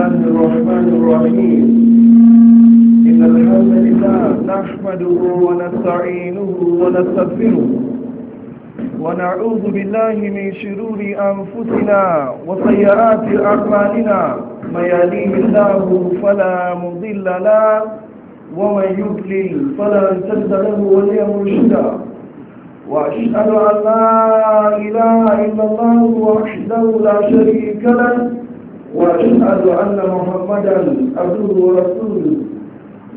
الله الرحمن الرحيم إن الحمد لله نحمده ونستعينه ونستغفره ونعوذ بالله من شرور أنفسنا وسيئات أعمالنا ما يليه الله فلا مضل له ومن يضلل فلا تجد له وليا مرشدا وأشهد أن لا إله إلا الله وحده لا شريك له وأشهد أن محمدا عبده ورسوله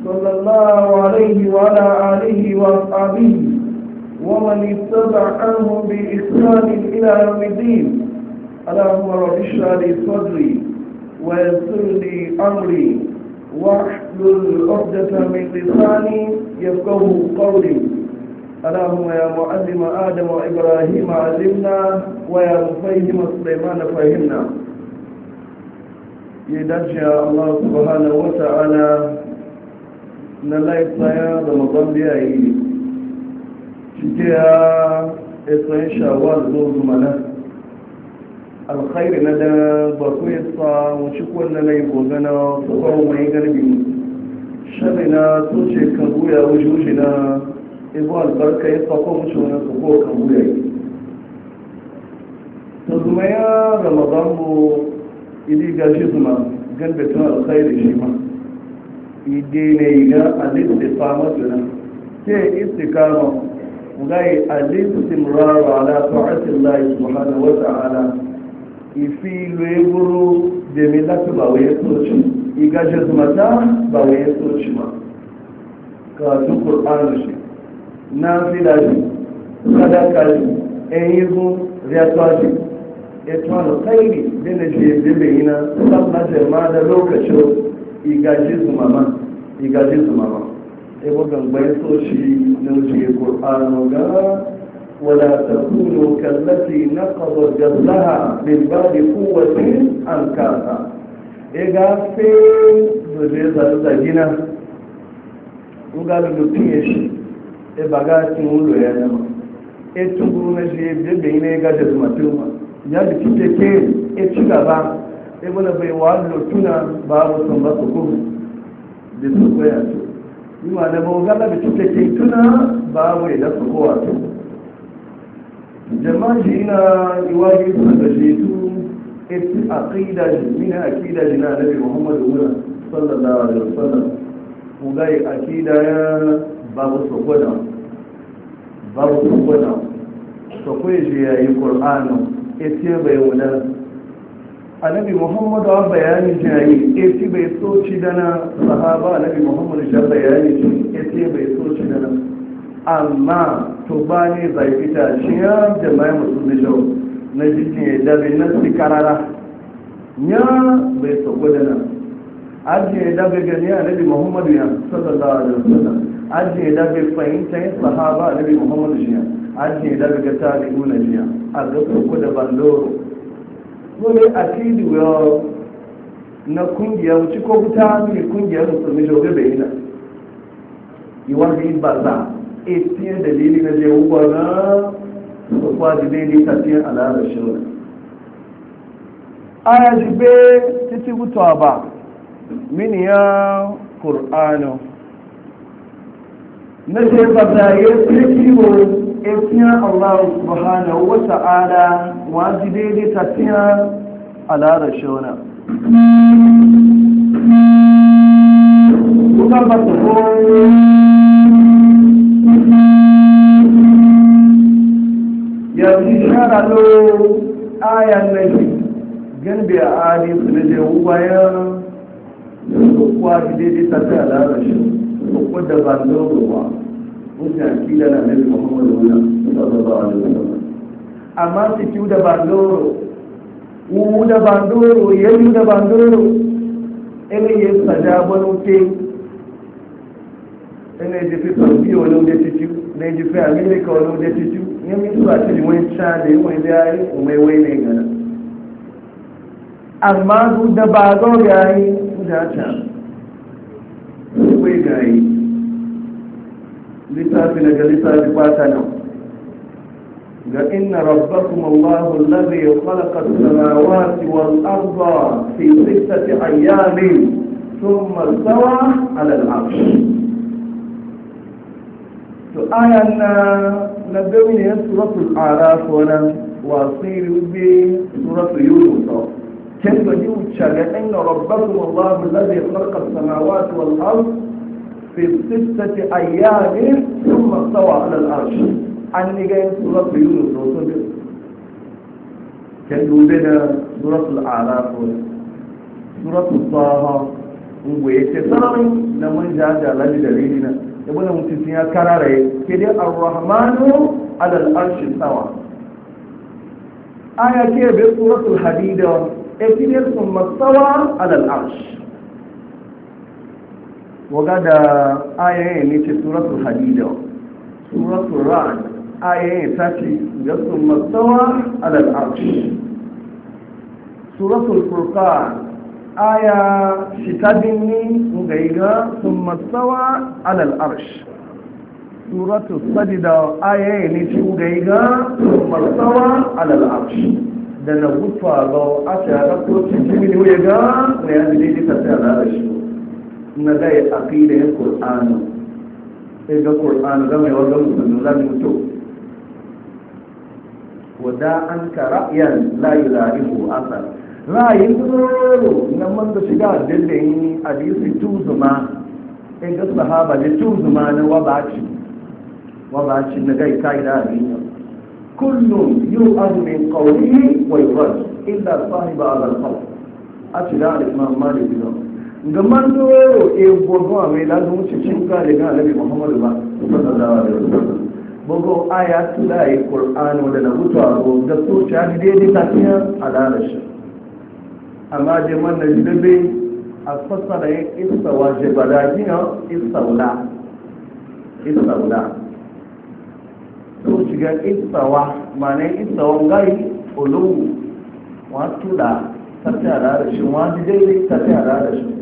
صلى الله عليه وعلى آله وأصحابه ومن اتبع عنهم بإحسان إلى يوم الدين اللهم رب اشرح لي صدري ويسر لي أمري واحلل عقدة من لساني يفقه قولي اللهم يا معلم آدم وإبراهيم علمنا ويا مفهم سليمان فهمنا ya dace Allah subhanahu wa ta'ala na laifaya da mazambiya yi cike ya isayin shawar zo zumana alkhairu na da baku ya sa wuce kwanne na yi gogana sabon mai garbi shari na tuce kan guya wuce wuce na ibu albarka ya sa kwan wuce wani sabo kan guya yi ta zuma ya ramadan mu idi ga shi zuma ganda tun alkhairi shi ma ide ne ga alisti fama tunan ke kama gai alisti istimrar ala ta'ati Allah subhanahu wa ta'ala ifi leburu da milatu ba waye soci iga shi zuma ta ba waye soci ma ka su qur'an shi nafila shi sadaka shi bu riyatu shi ya tuwalo tsairi din da ke bibe yana sabba jama da lokacin igaji su mama igaji su mama ya bugan bai so shi na wuce ƙur'anu ga wala ta kuno kallafi na kawar gallaha bin ba da kowace an kasa ya gafe da zai zaru da gina ga lullukin ya shi ya baga cin wulo ya nama ya tuguru na shi ya bibe yana ya gaji su matuma ya jikin da ke ya ci gaba ya gwada bai wa lotuna ba a wasan ba su kuma da su koya su yi ma da bau mawagala da cike ke tuna ba a wai da su kowa su jama'a shi ina yi su da shi su ci eti aqida shi mina aqida shi na nabi muhammad wuna sallallahu alaihi wasallam mu ga yi a aqida ya ba babu su gwada a su gwada su kwaye shi ya yi kur'anin ete bai wuna annabi muhammadu a bayani jayi ete bai so ci dana sahaba annabi muhammadu sha bayani ci ete bai so ci dana amma to ba ne bai fita shi ya musu musulmi jau na jikin ya dabe na su karara ya bai so gudana ajiye dabe gani annabi muhammadu ya sallallahu alaihi wasallam ajiye dabe fahimta ya sahaba annabi muhammadu shi ya ake daga tare nuna jiya a zafin ku da bandoro wani a fidi na kungiyar wuce ko wuta ne kungiyar musulmi jobe bai yi na iwon yi baza a eh, tiyar dalili na je wuwa na kwa da ne ta tiye al'adar shirin. a aya jibe titi wuta ba mini ya kur'anu na ce ba za a yi efiya Allah subhanahu wa ta'ala wajibe ne tafiya ala rashona kuka ba su ko yanzu shara lo ayan na shi ganbe a ali su da je bayan da su kwaji daidai tafiya ala rashona su kuda ba zo hujja ki da na nabi muhammad wannan sallallahu alaihi wasallam amma su kiu da bandoro umu da bandoro yayu da bandoro ele ye sajabo no te ele je fi sauki wani wuje titi ne je fi amerika wani wuje titi ne wani da ayi umai wai ne gana amma su da yayi su da su gayi لسافي نجلسها لباتنا لأن ربكم الله الذي خلق السماوات والأرض في ستة أيام ثم استوى على العرش سؤالنا نبدأ من سورة الأعراف ولا واصير بسورة يونس كيف يوجد أن ربكم الله الذي خلق السماوات والأرض في ستة أيام ثم استوى على العرش أني جاي سورة يونس وصول كان يوبنا سورة الأعراف سورة الطه ويت سرمي نمن جاء على دليلنا يبون متسيا كرارة كده الرحمن على العرش استوى آية كده بسورة الحديد اكيد ثم استوى على العرش waga da ayayen ne ce suratul hadida suratul ra'ad ayayen ta ce ga sun matsawa alal arshi suratul furqan aya shitadin ni ga iga sun matsawa alal arshi suratul sadida ayayen ne ce ga iga sun matsawa alal arshi da na gufa ga a shara ko cikin ne ga na yanzu daidai ta tsaye da na gai aqida ya qur'anu sai ga qur'anu ga mai wanda musulmi zan mutu wada an ka ra'yan la yulaihu asar ra'ayin dole na man da shiga dindin hadisi tuzuma in ga sahaba da tuzuma na wabaci wabaci na gai kai da abin kullum yu'adu min qawlihi wa yurad illa sahiba al-qawl a cikin al-imam malik bin Eh, ga mando e gogo a mai lazun wuce cin ka da ga alabi muhammadu ba sallallahu alaihi wasallam gogo aya tula yi eh, qur'ano da na mutuwa go da so ta daidai ta tiya alalashi amma je man na jibe eh, a fassara ya isa waje badajina isaula isaula so shiga isawa ma'ana isawa gai olowu wa tula ta tiya alalashi wa daidai ta tiya alalashi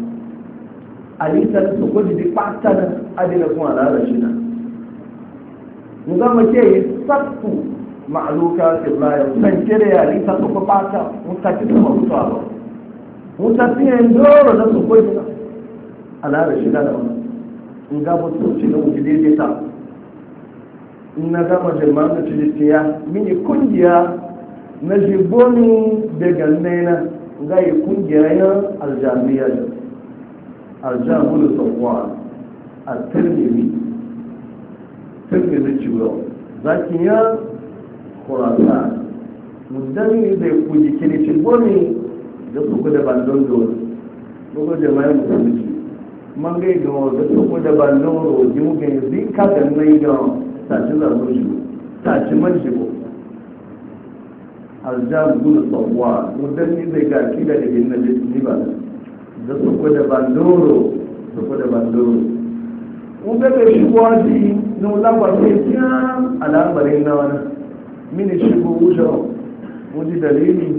halittar su gudu da ɓatanar adina kuma al'ada shi na mu zama ke yi sattu ma'aluka su bayan. san kere ya halittar su kuma ɓata ta sama mutu mutuwa ba ta mutaki ya doro da su gudu na al'ada shi na da wani in ga mutu shi na wuce daidai ta in na gama jirman da cilistiya mini kungiya na jiboni da ganna na ga yi kungiyar aljamiya da الجابر صفوان الترمذي ترمذي جويل لكن خراسان مدني زي كوجي كلي تشبوني da su da bandon dole ko jama'in musulmi man gai ga da su da bandon roji mu gai zai ka da nai ga tashi zarbo shi tashi man shigo ko aljam gudu tsawwa mudanni zai ga da da soko da bandoro soko da bandoro un bebe shigowa ji na lagwace kyan na wani mini shigo wujo wuji dalili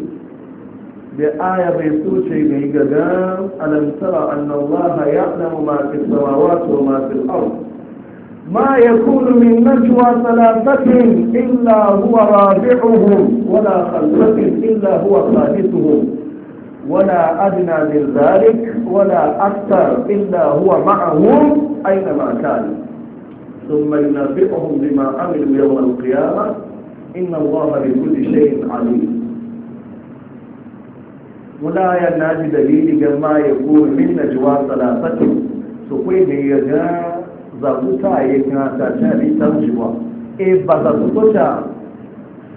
da aya bai soce mai gaga alamtara annallaha ya namu mafi samawa to mafi al'au ما يكون من نجوى ثلاثة إلا هو رابعهم ولا خلفة إلا هو خالدهم ولا أدنى من ذلك ولا أكثر إلا هو معهم أينما كان ثم ينبئهم بما عملوا يوم القيامة إن الله بكل شيء عليم ولا ينادي دليل كما يقول من نجوى ثلاثة سقيم يجا زبطا يكنا تجاري تنجوى إيه بزبطا سقطا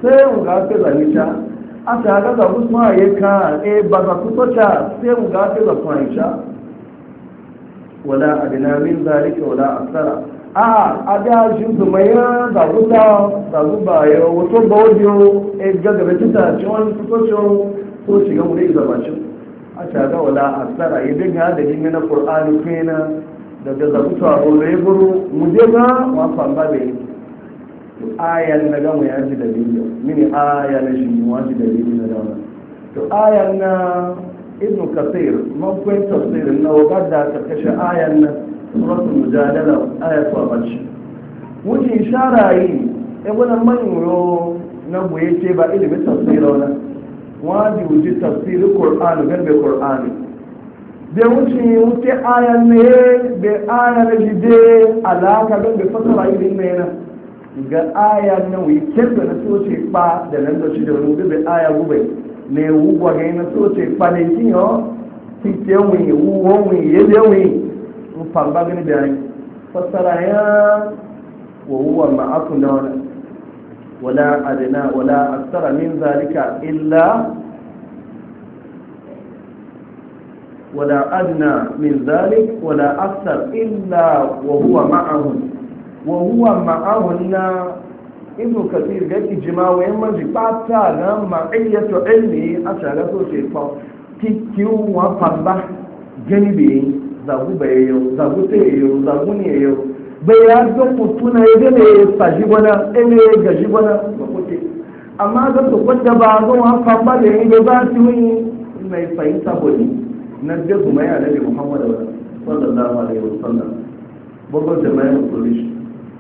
سيوغا كذا a ta haka ga usman ya ka e ba za ku tota sai mu ga ta ga kwanisha wala adina min zalika wala asara a a da shi su mai ya za ku ta za ku ba ya wato ba wajo e ga gaba tuta ci wani su tocho ko shiga mu dai zaba ci a ta ga wala asara ya dinga da dinga na qur'ani kenan daga zabuta ko buru mu je ga wa famba da yi ayan na gama ya ji da biyu mini aya na shi wa ji biyu na dama to ayan na ibn kasir man tafsir na wadda ta kashe ayan na suratul mujadala aya ta bace wuce sharayi e ibn manuro na buye ce ba ilimin tafsir wa waji wuce tafsir qur'an gan be qur'an be wuce wuce ayan ne be ayan ne de alaka gan be fasara ilimin ne ga aya na wikenda na soce kpa da nan da shi da wani aya gube na ewu gwaga na soce kpa na ikin yawon kike wi ewu wonwi yadda wi rufan bagani da yanyi fassara ya wuwa ma'aku na wani wala adina wala aksara min zalika illa wala adina min zalik wala aksar illa wa huwa ma'ahun wa huwa ma'ahun na ibn kasir ga ijima wa yin manji pata na ma'iyyatu ilmi a tare so ce fa kikiyu wa famba gani bi zagu bayayo zagu zagu ne yau bai ya ga ya gane ya saji gwana ya gaji gwana ba kuke amma ga su ba ga wa da yin su yi mai fahimta na gazu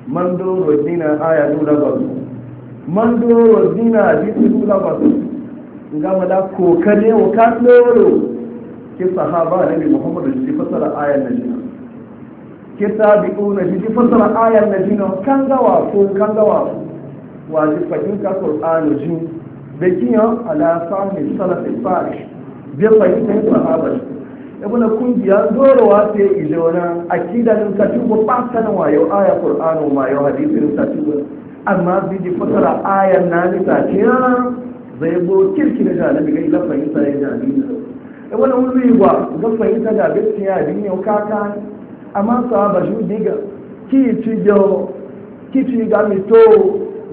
man doro dina aya dula basu man doro dina hadisi dula basu nga mala kokare wa ka doro Ki sahaba nabi muhammadu shi fasara ayan najina ke tabi'una shi fasara na najina kan gawa ko kan gawa wa ji fahimta qur'anu ji da kiyan ala sahmi salaf al-farish bi fahimta sahaba ibn kungiya dorewa ta yi ijo na akida din katubu fatan wayo aya qur'anu ma yo hadisin katubu amma bi di fasara aya na ni ta ce ah, zai bo kirkire da nabi ga ila fahimta ya da ni ibn ulwi wa ga fahimta da bitin ya din ne kaka amma sahaba ju diga ki ci jo ki ci ga mi to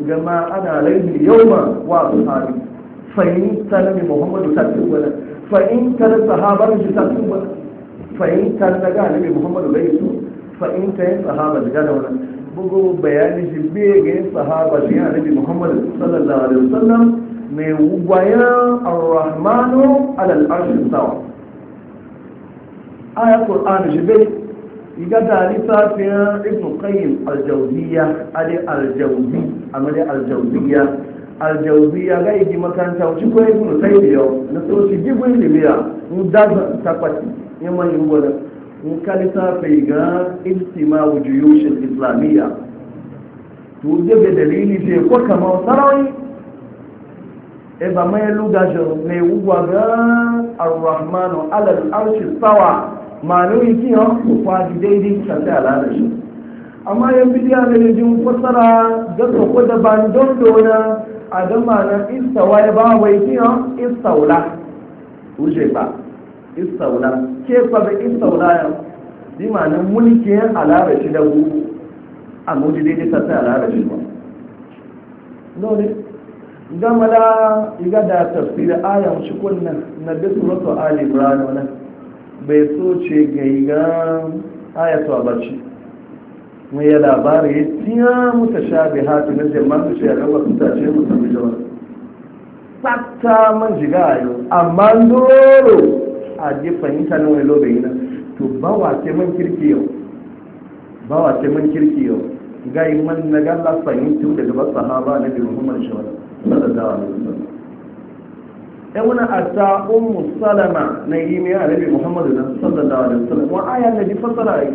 gama ana laihi yawma wa sahabi fahimta nabi muhammadu sallallahu alaihi wasallam فإن كان الصحابة يتقون فإن كان تقع نبي محمد وليس فإن كان صحابة جانونا بقوا بيان جبيه صحابة جانا نبي محمد صلى الله عليه وسلم من بيان الرحمن على الأرض السوا آية القرآن جبيه يقال ثالثة فيها ابن القيم الجوزية علي الجوزي عملي الجوزية ya ga yi makaranta wuce ko yi kuma sai da yau na so shi gibu ilimiya mu daga takwati ya mai wani in kalisa fai ga iltima wujuyushin islamiyya to daga dalili ce ko kama sarari e ba mai lugashin ne wuwa ga arrahmanu alal arshi sawa ma nuni kiyo ku kwaji daidai shafi alalari amma yan bidiyar da jin fasara ga sako da bandon dona a mana istawa ya ba wai kiyan istaula uje ba istaula ke kwabe istaula ya bi ma'anar alara shi da gugu a mudi dai ta alara shi ba nore gama da iga da tafsir ayan shi kunna na bisu suratu ali brano wala bai so ce ga iga ayatu abaci kuma ya labari ya tiya muta sha bi hatu na jaman shi ya gaba sun tace musa bi jawar tsakta man jiga a yau amma doro a ji fahimta wani lobe yana to ba wa ce man kirki yau ba wa ce man kirki yau ga yi man na galla fahimta daga ba sahaba na wani. muhammad shawar sallallahu alaihi wasallam yawuna ata ummu salama na yi mai muhammadu na sallallahu alaihi wasallam wa aya nabi fasara yi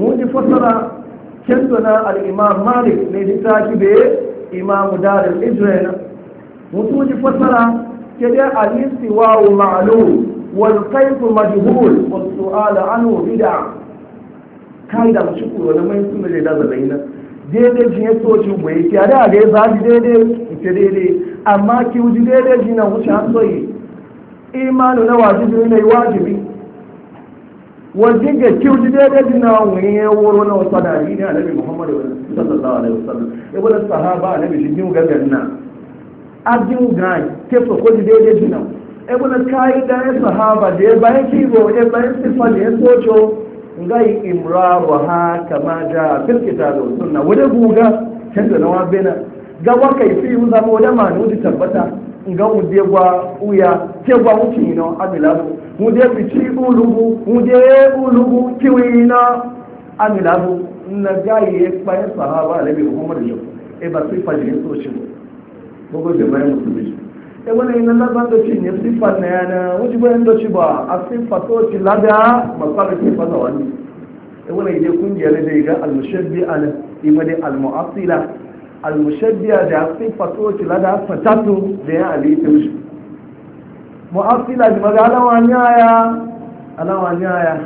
wani fasara kendo na al'imam malik ne littafi da ya imamu darin israel mutu ji fasara ke da alistiwa wa ma'alu wal kaifu majhul wa su'ala anhu bid'a kai da shi kuro na mai sun da da zaina daidai jin ya so shi goyi ki ada ga za zaji daidai ita daidai amma ki wuji daidai jin na wuce an soyi imanu na wajibi ne wajibi wajen ga kyau ji daidai na wani wuro na wasu da ne nabi muhammadu sallallahu alaihi wasallam ya wani sahaba a jin kefa ko ji na ya wani kayi da ya sahaba da ya bayan kibo ya bayan sifa da ya nga ngai imra wa ha kama da guga na wa bena ga waka yi fi zama tabbata nga mu je gwa uya ke gwa mutum hunde bici ulugu hunde ulugu kiwina amilabu na gayi ya e kpaye sahaba alabi muhammadu yau e ba su fa jirin e so shi gogo da bayan e musulmi e wani ina na ban doci ne sifa na yana wuce bayan doci ba a sifa so ci lada masarar fa fasa wani e wani ide kungiyar da ga almushabbi al imade almu'assila almushabbi da sifa so ci lada fatatu da ya alita shi mu'asila ji maza alawa nyaya alawa nyaya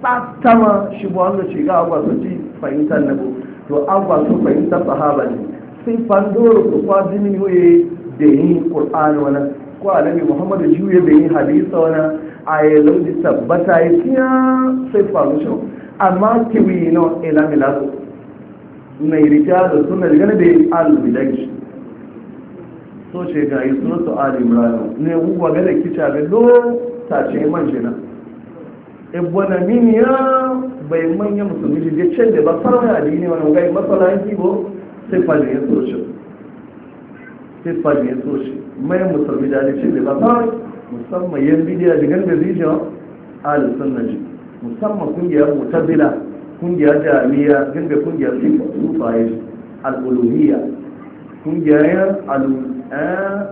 tsatama shi bu wanda ce ga agwa su ci fahimtar nabu to agwa su fahimtar sahaba ne sai fandoro ko kwa jini waye da yi ƙur'an wani ko alami muhammadu juye da yi hadisa wani a yi lauji tabbata ya tiya sai faru shi amma kiwi na ilamilado na irita da suna ne da yi albidaji so ce ga yi suna su ali imranu ne wuwa gane kica abin lo ce man jina ibwana e mini ya bai manya musulmi da can da ba a jini wani ga masala yake bo sai fa ya so sai fa ne so mai musulmi da ne ce da ba farawa musamman yan bidiya da ganda zijo al sunnaji musamman kungiyar mutabila kungiyar jami'a ganda kungiyar sifa sufaye al-uluhiyya kungiyar al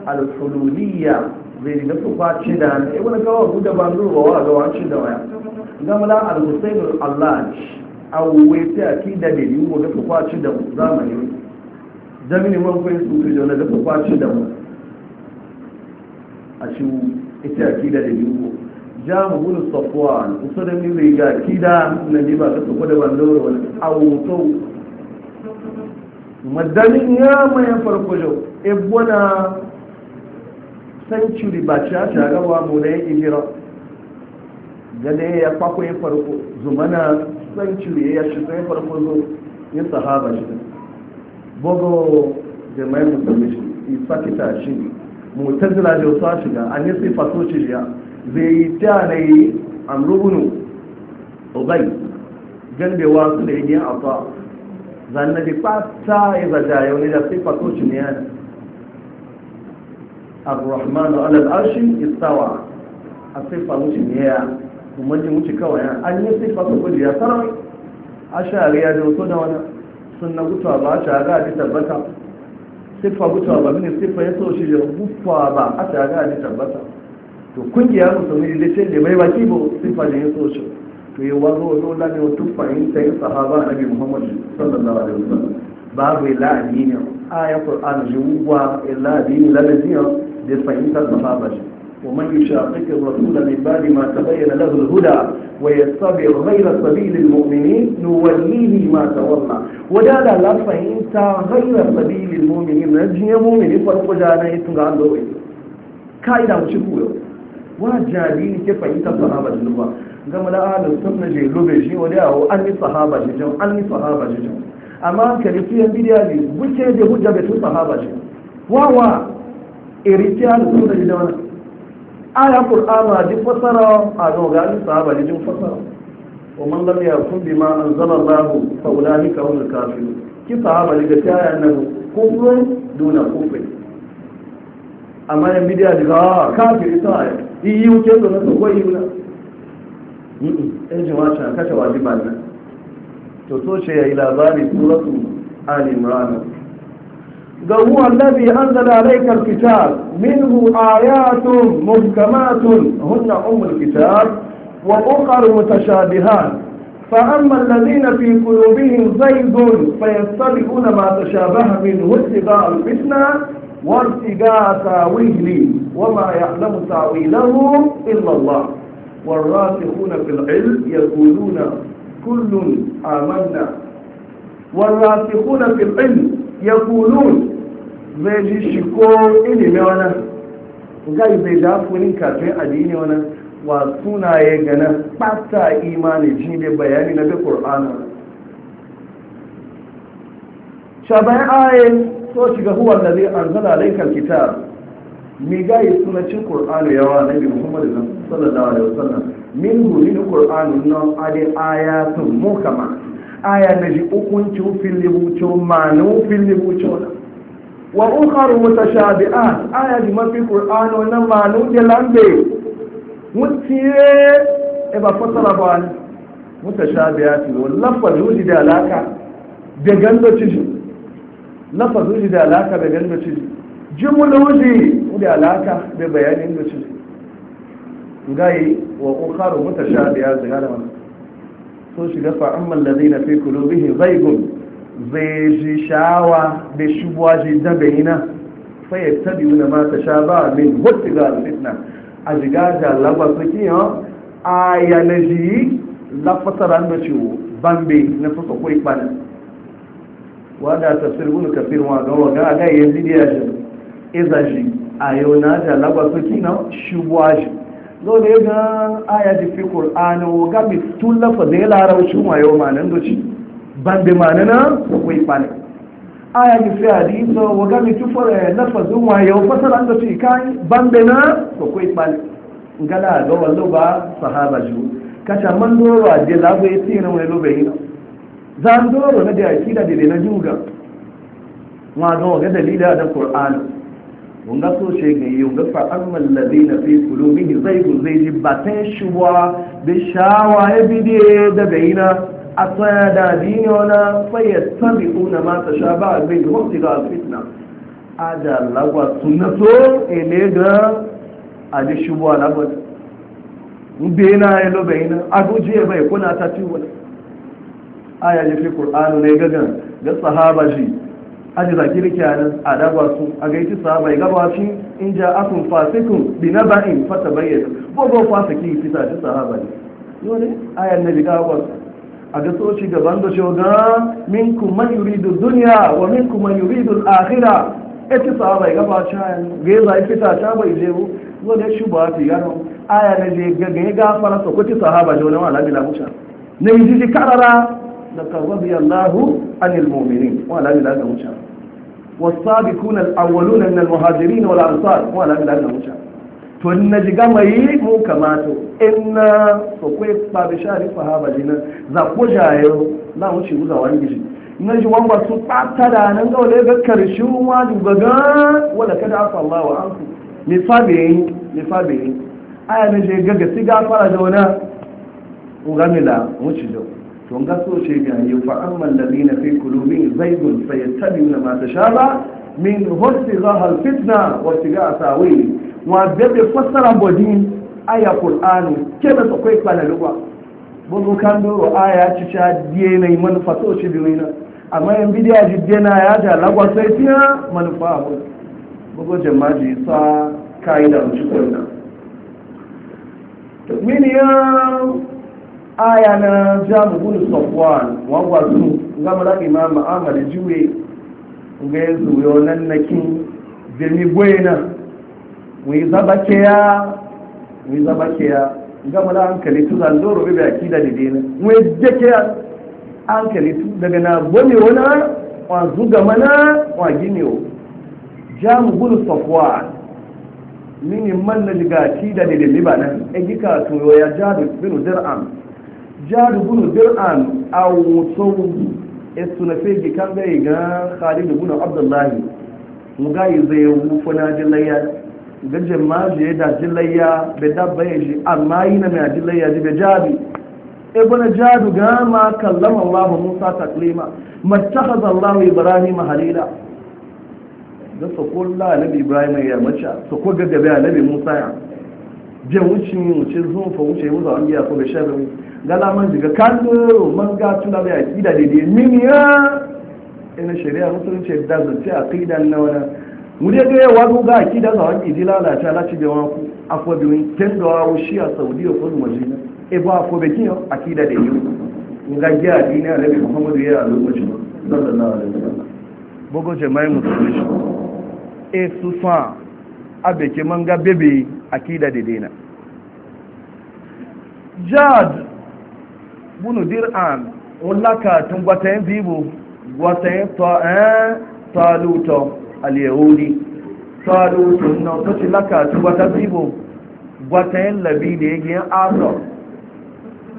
alfuluniya zai da su ci da hannu eh, wani kawo guda ba zuwa wa ga ci da waya gama da al-husayn al-allaj wuwe sai ki da yi wa da su ci da zamani zamani man koyi su ku jona da su ci da mu a shi ita ki da yi go jamu bin safwan usulun riga akida na diba ga su kwada ban zuwa wani awto madamin ya mai farko jau ebona century ba ci a shagawa mu na yin ijira gane ya kwakwa yin farko zumana century ya shi sai farko zo ya sahaba shi bogo da mai musamman shi isa ta shi mutar zira da wasu shiga an yi sai faso shi ya zai yi ta na yi amrubunu obai gandewa su da yi a fa zannabi fata e izaja yau ne da sifa ko shi ne yana ar-rahman ala al istawa a sifa mushi ne ya kuma ji mushi kawai an yi sifa ko gudu ya sarar ashari ya dauko da wani sunna gutuwa ba a shaga a tabbata sifa gutuwa ba mini sifa ya so shi da gutuwa ba a shaga a tabbata to kungiya musulmi da ce da mai baki bo sifa da ya so shi to yi wazo zo la ne wata fahimta yin sahaba na bi muhammad sallallahu alaihi wasallam babu ila addini aya qur'an ji wa ila ومن يشاقق الرسول من بعد ما تبين له الهدى ويتبع غير سبيل المؤمنين نوليه ما تولى وجعل لا فهمت غير سبيل المؤمنين نجي مؤمن فرق جانا يتنغان دوي كايدا وشكوه واجالين كيف فهمت الصحابة جنوبا gama na ahalin sunna je lube shi wani awo an yi sahaba shi jan an yi sahaba shi jan amma kalifiyan bidiya ne wuce da hujja bai tun sahaba shi wawa iritiya e da sunna je jan aya qur'ana ji fasara a doga an sahaba shi jin fasara wa man lam yakun bima anzala Allah fa ulaika humul kafirun ki sahaba ji ga tayar nan kufrun duna kufri amma yan bidiya daga ah, kafiri sai yi wuce da nasu koyi na ɗan jama'a can kashe wajiba nan to so ce ya yi labari suratu al-imran ga huwa allazi anzala alayka al-kitab minhu ayatun muhkamatun hunna ummul kitab wa ukhra mutashabihat فأما الذين في قلوبهم زيد فيتبعون ما تشابه منه ابتغاء الفتنة وارتقاء تاويله وما يعلم تاويله إلا الله والراسخون في العلم يقولون كل آمنا والراسخون في العلم يقولون zai shiko ilimi wani gai zai ja funin kafin addini wani wa sunaye gana ɓata imani shi ne bayani na da ƙor'ana shabayin ayin so shiga da zai mi gayi suna cin qur'anu yawa nabi muhammad sallallahu alaihi wasallam min gurin qur'anu na ade muka mukama aya na ji hukunci fil libucin manu fil libucin wa wata mutashabihat aya ji mafi qur'anu na manu de lambe mutiye e ba fasara ba ne mutashabihat no lafazu da alaka da gando ciji lafazu da alaka da gando ciji jimuluzi da alaka da bayanin da su gayi wa ƙoƙarin mutu sha biya zira da wani so shiga fa'amman da zai na fi kulubihin zaigun zai ji sha'awa da shubuwa ji dabayina fayyar tabi wuna mata sha ba min hutu ga alfitna a jiga da labar suke yawon a yanayi lafasaran da ciwo bambe na fusa kwaikwani wadda tafsir wani kafin wa ga ga a ga yanzu da yashin izaji a yau na da su kina shubuwaji zo da ya gan aya ji fi ƙul'ani ga bi tun lafa da ya larauci ma yau ma nan doci ban da ma nana wai kwane aya ji fi hadisa wa ga bi ya eh, lafa zuwa yau fasara doci kai ban da na ko kai kwane gala ga wallo ba sahaba ju kacha man doro a je lagos ya tsina wani lobe yi na zan doro na da akida da na juga ma ga ga dalila da ƙul'ani wanda so ce ga yi wanda fa'an mallabe na fi kulo bihi zai ku zai ji batan shubuwa da shawa ya bidiye da dini wana sai ya tabi una mata sha ba a bai da wasu ga fitna a da lagwa suna so ele ga a ji shubuwa lagwa mbe na ya lobe yi na a guji ya bai kuna ta ci a aya ya fi kur'anu ne gagan ga sahaba shi ajira kirkiyanin a daba su a gaiti sahaba ya gaba shi in ja asun fasikun bi na ba'in fata bayyana gogo fasiki fita ta sahaba ne yone ayan na biga wa a ga soci gaban da shoga minkum man yuridu dunya wa min minkum man yuridu al-akhirah e ita sahaba ya gaba shi ayan ga ya fita ta bai je mu yone shi ba ta yaro aya na je ga ga gafara so kuti sahaba ne wani malami la musha ne yi ji karara da karwabi Allahu anil mu'minin wala ilaha illa huwa والسابقون الاولون من المهاجرين والأنصار ولا بلا أن مشى تنجي غمي مو كماتو ان سوكوي بابشاري فهاب جنا زكو جايو لا مشي غزا وانجي نجي وان با وانبا سبعتا دانا نقول لك كرشو واجب بغا ولا كدا عفى الله وعنك نفابين نفابين اي نجي غغا سيغا فرا دونا وغاملا لا مشي دونا tun ga so ce ga yi fa amman ladina fi qulubihim zaygun fayattabi'una ma tashaba min hursi zahal fitna wa tiga sawi wa bebe fassara bodin aya qur'ani ke da so kai kana lugwa bozo kan do aya ci cha die ne man so ci bi wina amma yan bidiya ji die na ya da lagwa sai tiya manufa fa ho jama'a jama'i sa kai da shi ko na to ya aya na jamu bin safwan wagwa su gama da imam ahmad juwe ga ya zuwa nan na kin birni gwena wai zaba ya wai zaba ke ya gama da hankali tu zan doro bebe a kida da dena wai je ke an hankali tu daga na gome wana wa zuga mana wa ginewo jamu bin safwan mini man na liga kida da dena ba nan e gika to ya jabu binu dir'am jihar gunu bir'an a wutan esu na fegi kan bai ga khalid gunu abdullahi mu ga yi zai wufa na jilayya ga jama je da jilayya bai dabba ya shi amma yi na mai jilayya ji bai jabi e bana jadu ga ma kallama allah musa taklima mattakhadha allah ibrahim halila da sokolla nabi ibrahim ya mace sokolla ga nabi musa ya je wucin mu ce zo fa wuce mu zawon giya ko da sha bami gala man diga kando man ga tuna bai aqida da dai min ya ina shari'a musulunci da zance aqidan na wala mu dai ga yawa ga aqida zawon gidi lalata lati da waku afwa bi win tendo wa shi a saudiya ko majina e ba afwa be kiyo aqida da yau ga giya dinin annabi muhammadu ya a lokacin sallallahu alaihi wasallam bogo jama'i musulunci e su sufa abeke man ga bebe akida da daina jad bunu dir'an wallaka tun gwatayen bibo gwatayen eh, taluto al-yahudi taluto na wata laka tun gwata bibo gwatayen labi da ya giyan asar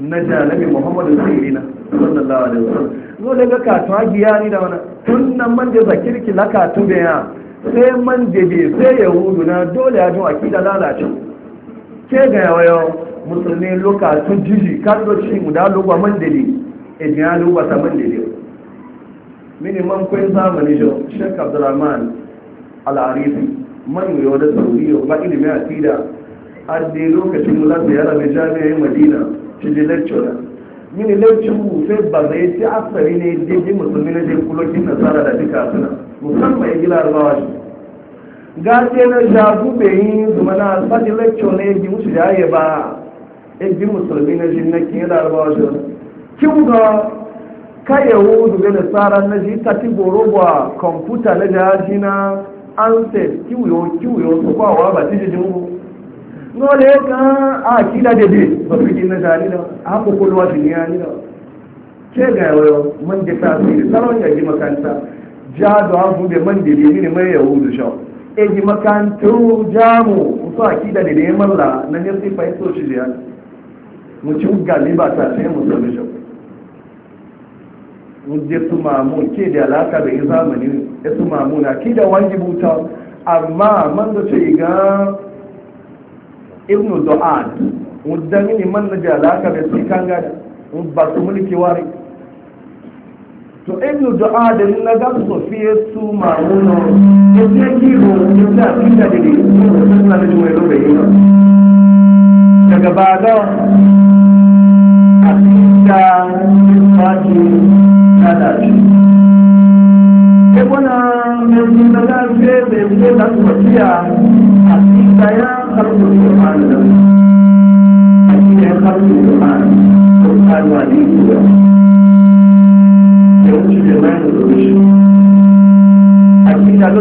na janabi muhammadu sirina sallallahu alaihi wasallam zo daga katon agiya ni da wani tun nan man da zakirki laka tun bayan sai man dabe sai yahudu na dole ya akida lalace ke ga yawayo musulmi loka sun jiji kalloci guda lokwa man dabe ejin ya lokwa ta man dabe mini man kwai zamani jo shek abdulrahman al'arifi man yau da sauriyo ba ilimin akida a dai lokacin mula yara mai jami'ai madina shi da lecturer mini lecturer sai ba zai ci asali ne daidai musulmi na jin kulokin nasara da duka suna musamman yi larabawa shi gace na bai yi zuma na sadi lecture na yaji musu da ya ba yaji e musulmi na shi na kin larabawa shi kin ga kayawo duga da tsara na ji ta ti ba kwamfuta na jaji na ansel ki wuyo su kwawa ba ti jiji mu le ka a kila da bi ba fi na jari da a haka kulwa shi ne ya ni da ke ga yawon man da tasiri salon yaji makanta jihadu an su da man dele mini mai yahudu e ji makantu jamu a akida da ne malla na ne sai fahimta so shi da mu ci gali ba ta sai mu sabi shan Mu je su mamu ke da alaka da zamani ya su mamuna ki da wani buta amma man da ce ga ibnu du'ad mu ni man da alaka da su kanga, mu ba su mulki wari to ibnu du'a da na ga sofiya su mamuno ya ce kiro ya ko abinda da ke suna da juwai robe yi ba daga bada abinda ya ce na da shi ya kwana mai jin da gafe mai fiye da sofiya abinda ya karfi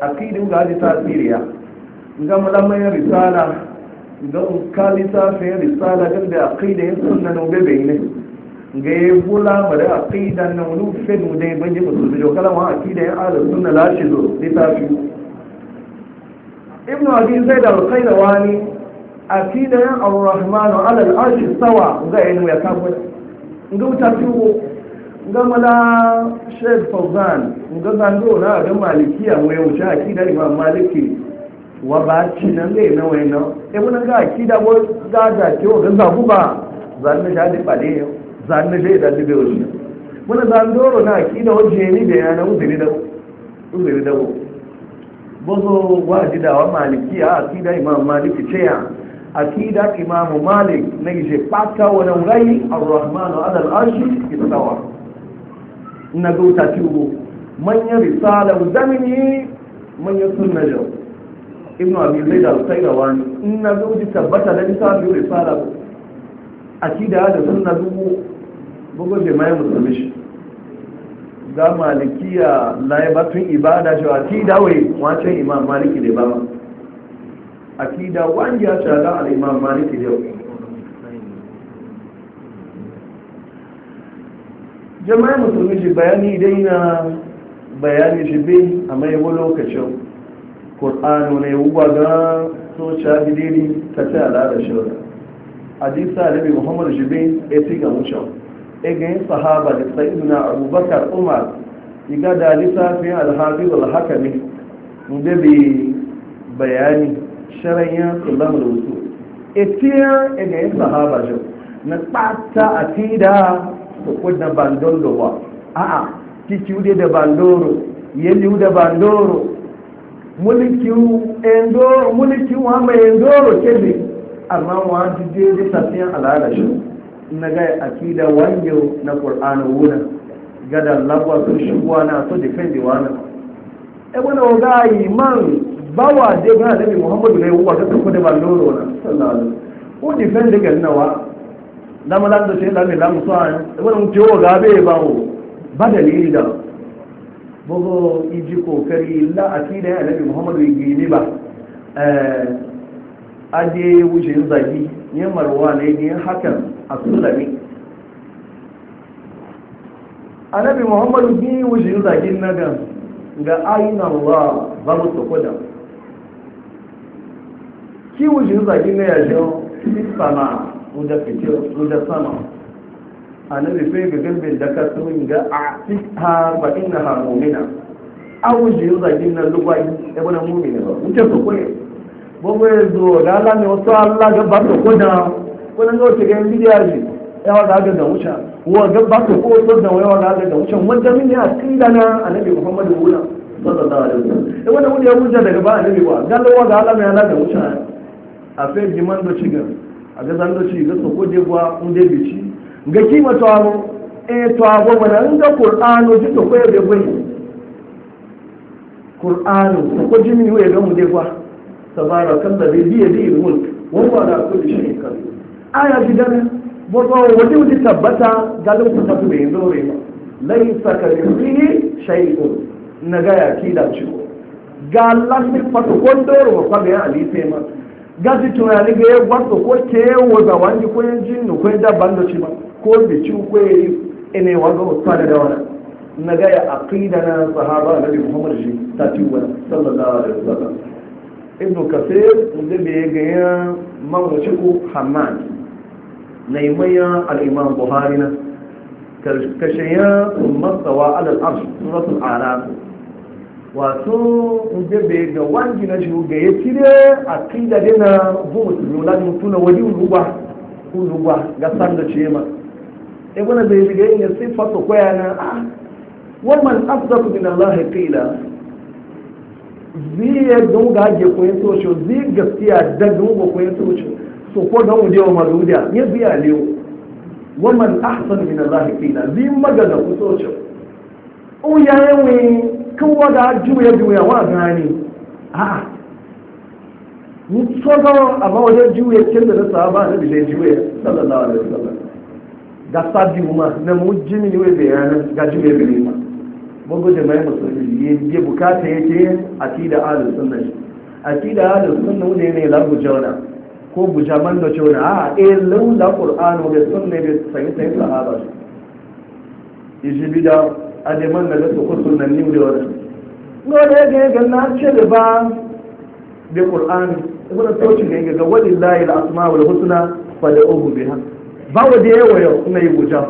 akidin ga ta tasiriya ga mulamman risala ga lissafin ya risala ga da akida ya suna na obe be ne ga ya bula ma da akida na wani fe no da ban ji musu da kala ma akida ya ala sunna la shi Ibn abin zai da alkai da wani. akida ya ar-rahman ala al-arsh sawa ga yin ya kafa ga ta tuwo gama la sheik fauzan ga zango na ga malikiya mai wuce akida imam maliki wa ba ci nan ne na wai nan e mun ga akida ko ga da ke ga zabu ba zan ne da pade zan ne da dibe wuce mun zango na akida waje ni da yana uzuri da uzuri da ko bozo waji da wa malikiya akida imam maliki ce ya akida imam malik ne je pata wa nan rai ar-rahman ala al na gauta tubo manyan risala zamini manyan sunna jau ibnu abi zaid al da ne in na gauji tabbata da lissafi risala a kida da sunna dubu bugu da mai musulmi shi ga malikiya laibatun ibada shi a kida wai wancan imam maliki da ba akida wanda ya shaga al-imam maliki da yau jama'a musulmi shi bayani dai na bayani shi a mai wani lokacin ƙor'anu ne wuwa ga soca bidiri ta ta al'ada shirya hadisa nabi muhammad shi bai ya fi ga wucin egayin sahaba da saidu na abubakar umar iga da lissafin alhafi alhaka ne da bai bayani sharayen tsullam da wasu etiyan egayin sahaba shi na tsata a da. ko da bandoro ba a'a kikiu de da bandoro yeliu da bandoro mulikiu endoro mulikiu wa mai endoro kebe amma wa ji de de tafiyan alala shi na ga akida wanyo na qur'an wuna gada labwa sun shugwa na so defendi wana e wana ga iman bawa de ga nabi muhammadu ne wa ga ko de bandoro na sallallahu alaihi wasallam o defendi ga nawa lamalan da sai lamme lamu sa'an e wani mutuwa gabe e ba wo ba dalili da bugu iji kokari la akida e, ya nabi muhammadu gini ba aje wuce zagi yin marwa ne yin hakan a sulami annabi muhammadu bi wuce zagin nagan ga aina wa ba mu tsokoda ki wuce zagin na ki sama su da fitir su da sama annabi sai ga gambin da ka sun ga a fiha ba ina ha mu'mina awu ji yuza gin nan lugwai da bana mu'mina ba mun ce su koyi bo bo zo da Allah ne wato Allah ga ba su koda ko nan ga wata gan bidiya ji yawa da ga da wuce wa ga ba su ko to da yawa da ga da wuce wanda min ya akida na annabi Muhammadu wula sallallahu alaihi wasallam da wannan ya wuce daga ba annabi ba ga lawa ga Allah mai Allah da wuce a sai jiman do cigan a ga zan doci ga soko de gwa un de bici ga kima to amu e eh, to ago bana in ga qur'ano ji to ko de gwa qur'ano to ko jimi we ga mu de gwa tabarakan da bi yadi mulk wa huwa ala kulli shay'in qadir aya gidan bodo wadi wadi tabbata ga da ku tafi bai zo ba laisa ka mithlihi shay'un na ga ya kida ciwo ga Allah ne fato ko ndoro ko ga ya ali sai ma gazi tunani ga ya gwarto ko ke wa ga wani ko yin jin ko yin dabban da shi ba ko bi ci ko ya yi ina wa ga usma da dawana na ga ya aqida na sahaba na bi muhammadu shi ta ci wa sallallahu alaihi sallam ibnu kasir inda bai ga ya mamaci ko hamad na yi maya imam buhari na kashe ya masawa sawa ala al-arsh suratul a'raf wato inda bai ga wangi na shuga ya cire a kai da dina bu musulmi na mutu na wani ulugwa ulugwa ga san da ce ma ibn e zai shiga yin sifa ko koya na a ah, wa man afdalu min allah qila zi ya dunga ge ko yin socho zi gaskiya da dunga ko yin socho so ko dan wuje wa mazuda ya biya lewo wa man ahsan min allah qila zi magana ku socho o yayin kowa da juya juya wa gane a'a ni tsoga ba wajen juya kin da sa na bi zai juya sallallahu alaihi wasallam da sabbi kuma na mujjimi ne yana ga juya gare ma mun gode mai musulmi ke bukata yake akida ahlus sunna akida ahlus sunna ne ne la bujana, ko bujaman da cewa a eh laula qur'anu da sunna da sai sai sahaba shi bida a ademan da gasu kusur na new york no wani yake yake na ce da ba da qur'ani ibn tawcin ga da walillahi al-asmaul husna fa da ubu ha ba wa da yawa yau suna yi guja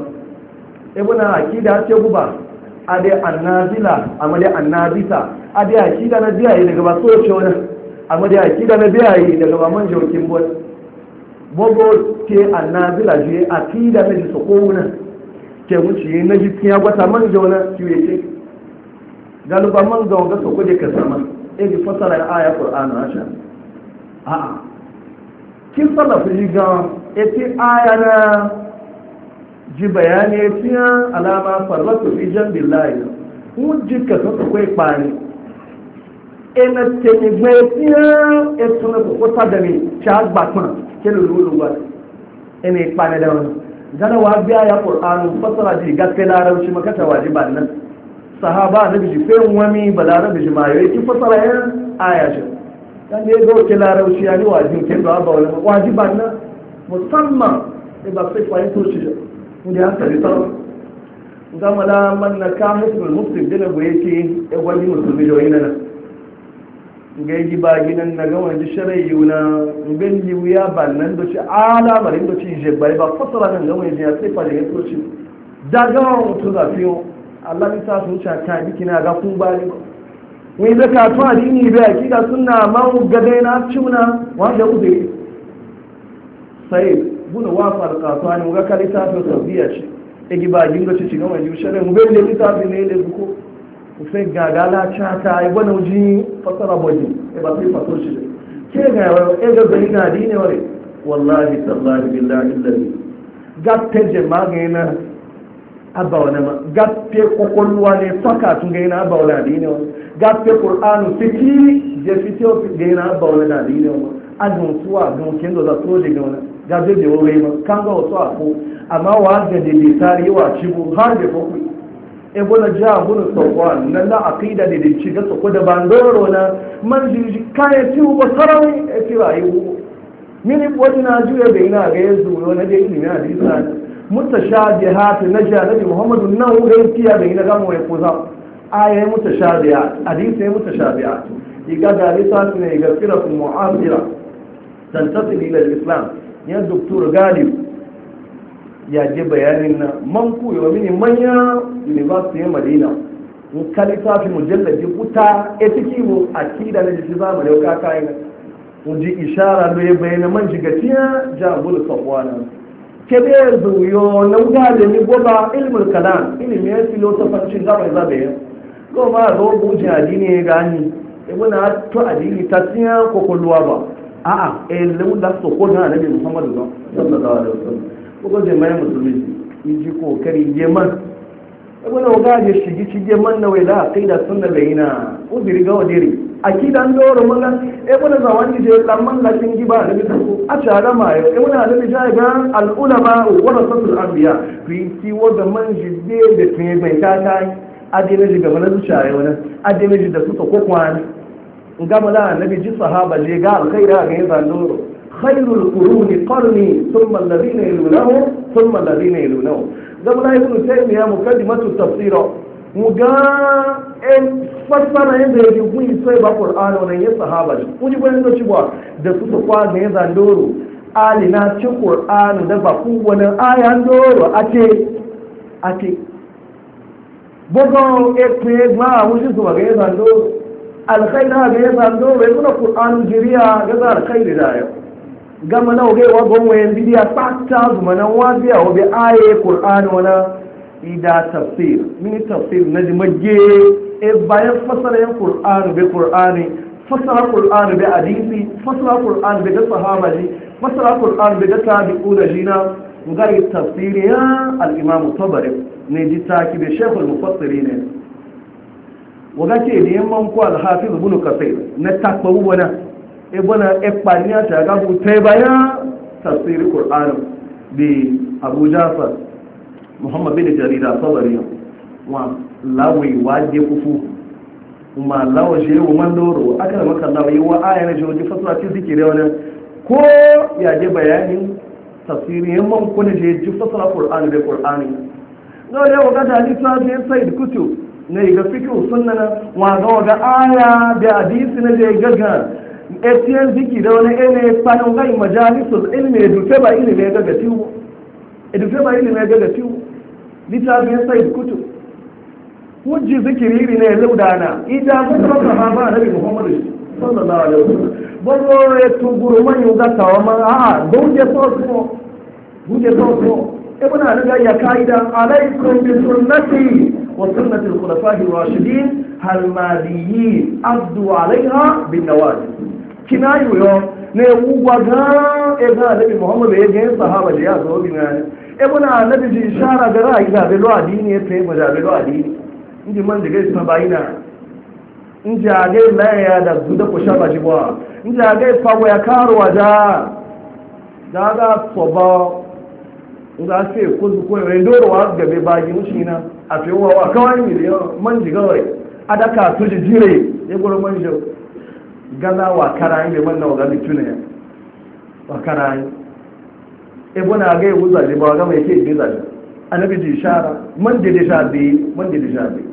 na ibn da ce guba a ade annazila amade annazita ade akida na biyaye daga ba so ce wani a amade da na biyaye daga ba man jokin bon bogo ke annazila je da na ji su sokowuna ke wuce na jikin ya gwata man jauna kiwe ce galiba man gawa ga sauko da ka sama in eh, ji fasara aya qur'anu asha a'a kin sallafa jiga eti eh, aya na ji bayani eti eh, alama farlatu fi jambillahi mun ji ka sauko kai pani ena temi gbe eti etu na ko ta da ni cha gba pan ke lo lo wa ene ipa na da won gana wa biya ya qur'anu fasara ji gaske larauci makata wajiba nan sahaba na biji wani, wami balara biji mayo yayi ki fasara yan aya shi dan ne go ke larauci ya ni wajin ke ba ba wani wajiba nan musamman e ba sai fa yato shi inda an tare ta gama da man na kamul muslim dina go yake e wani musulmi joyin nan ga yi ba nan na gama yi shirai yuna gan yi wuya ba nan da ci alamarin da ci je ba ba fasara nan gama ji ya sai fa da ya toci da gama mutu za fiyo Allah ni sa sun ta biki na ga kun ba ni wai da ka to adini ki ga sunna ma ga dai na ciuna wanda ude sai buna wa farka to an ga kalita to sabiya ce e gi ba ginga ci gama ji shirai mu bai da litafi ne da ko sai gaga lacha ta yi wani uji fasara bani e ba sai fato shi ke ga e ga yi na dine wani wallahi tallahi billahi illahi gatte ga magana abba wani ma gatte kokolwa ne saka tun ga yana abba wani dine wani gatte qur'anu fiki je fito ga yana abba wani dine wani adun suwa don kin da so je ga wani gaje je wani ma kan ga wasu ako amma wa ga de de tariwa cibo har da kokoi ebola ja bunu sauwan nan na aqida da dinci ga soko da bandoro na man ji kaya ci ubo sarawi e ci rayu mini wani na juya da ina ga yanzu yo na da ilimi na disa mutashabihat na ja nabi muhammadu nan ga tiya da ina ga mu ya kuza aya mutashabihat hadisi mutashabihat iga da risa ne ga firat mu'azira tantasil ila al-islam ya doktor galib ya ji bayanin na man koyo mini manya university ya madina in kalita fi mujallaji kuta e fiki mu a kida na jiki za mu yau kaka yi in ji ishara lo ya bayyana man ja jigatiya jabul safwana ke da zuyo na wuga da ni goba ilmul kalam ilmi ya filosofancin gaba za da yau ko ma zo bujin addini ya gani ibuna to addini ta tsiya ko kulluwa ba a'a ilmu eh, da su ko da annabi muhammadu sallallahu alaihi wasallam Ko kuma jama'in musulunci ko kokari yeman wani oga ya shigi ci yeman na wela a kai da sunna da yana uziri ga wadiri a kidan doro mana e wani zawon ji da lamman lafin giba da bisa ko a tare ma yau e wani alabi ta ga al'ulama wani sassu al'abiya ku yi kiwo da man jide da tun yi mai tata adina ji gaba na zuciya yau nan adina ji da su ta ko kwani gama na annabi ji sahaba je ga alkhaira ga yin zandoro خير القرون قرني ثم الذين يلونهم ثم الذين يلونهم زمان ابن تيمية مقدمة التفسير muga en fassara yadda ya jibu sai ba qur'ani wannan ya sahaba ne kuji bayan da cewa da su ta kwa ne zandoro alina ci qur'ani da ba ku ndoro ake ake bogo e pe ma wuji su ga ya zandoro alkhaira ga ya zandoro gama na oge wa gon wayan bidiya fata zuma nan wa biya wa aye qur'ani wana ida tafsir mini tafsir na jimage e bayan fasara yan qur'ani be qur'ani fasara qur'ani be hadisi fasara qur'ani be sahaba ji fasara qur'ani bi tabi'una jina ngari tafsir ya al-imam tabari ne ji taki bi shaykh al mufassiri ne wa ce ne yamman ko al-hafiz ibn na takwa wana ibana ekpaniya ta ga hutai bayan tafsirin ƙur'anin bi abu jafar muhammad bin jarida sabari wa lawi waje kufu ma lawa je yau man doro aka da maka lawai wa aya na shi fasara ci suke da wani ko ya je bayanin tafsirin yan man kuna je ji fasara ƙur'ani da ƙur'ani na wani yau gata hadisa ta yi sa'id kutu na yi ga fikin sunna wa ga aya da hadisi ne je gaga etiyan ziki da wani ene sanin gai majalisul ilmi edufe ba ilimi ya gaga tiwo edufe ba ilimi ya gaga tiwo ya sai kutu wujji zikiri iri ne laudana ida ko ta ba ba nabi muhammadu sallallahu alaihi wasallam bono ya tuguru man yuga tawama a ah, goje soso goje soso ibn ali ya kaida alaikum bi sunnati wa sunnati al-khulafa'i ar-rashidin al-mahdiyyin abdu alaiha bin nawajib kina yiwuyo na ewu gwaga ega alabi muhammad ya e gani sahaba da ya zo bi na ebe na alabi ji shara ga ra'ayi da abelo adini ya tsaye ma da abelo adini inji man da gaisa bayina inji a gai laya da zuda ku shaba ji ba inji a gai fago ya karo wa da da ga soba ga se ko zu ko re ndoro wa gabe baji mushi na a fiwa wa kawai miliyan man ji gawai adaka tuji jire ya e gura man jau gaza wa karayi bai wannan wa gazi tuna ya wa karayi ebo na ga yawu zaje ba ga mai ke ji zaje annabi ji shara man da da shabi man da da shabi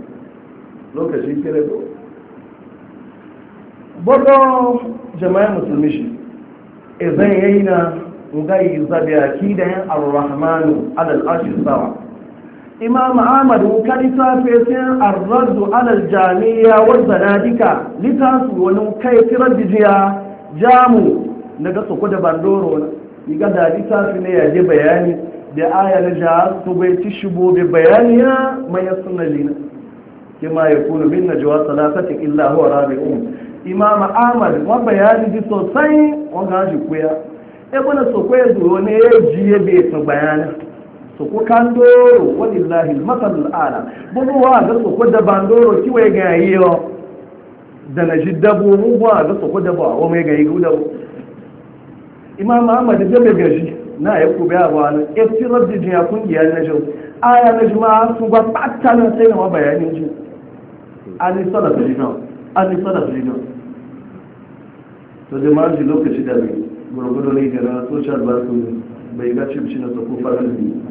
lokacin kire do bodo jama'a musulmi shi idan e yayin na ugayi zabi akidan ar-rahmanu ala al-arshi sawa imam ahmad ka lissafe sun arraddu alal jami'a wa zanadika littafi wani kai tirar jamu na ga soko da bandoro na iga da littafi ne ya je bayani da aya na ja su bai mai suna lina kima ya kuna min na jiwa salatatin illa huwa sosai wanga ji kuya ebe na soko ya ya bai bayani su ku kan doro walillahi masalul ala bugu wa ga su ku da bandoro kiwaye ga yiyo da na shi dabo mu wa ga su ku da ba wa mai ga yi dabo imam ahmad da bai gashi na ya ku bayan wa Ya fi rabbi jiya kungiyar na shi aya na shi ma su ba fatan sai na bayanin shi Ani yi salaf jinan an yi salaf jinan to jama'a shi lokaci da bai gurgudu ne gara social basu bai ga cimci na tsofaffin ne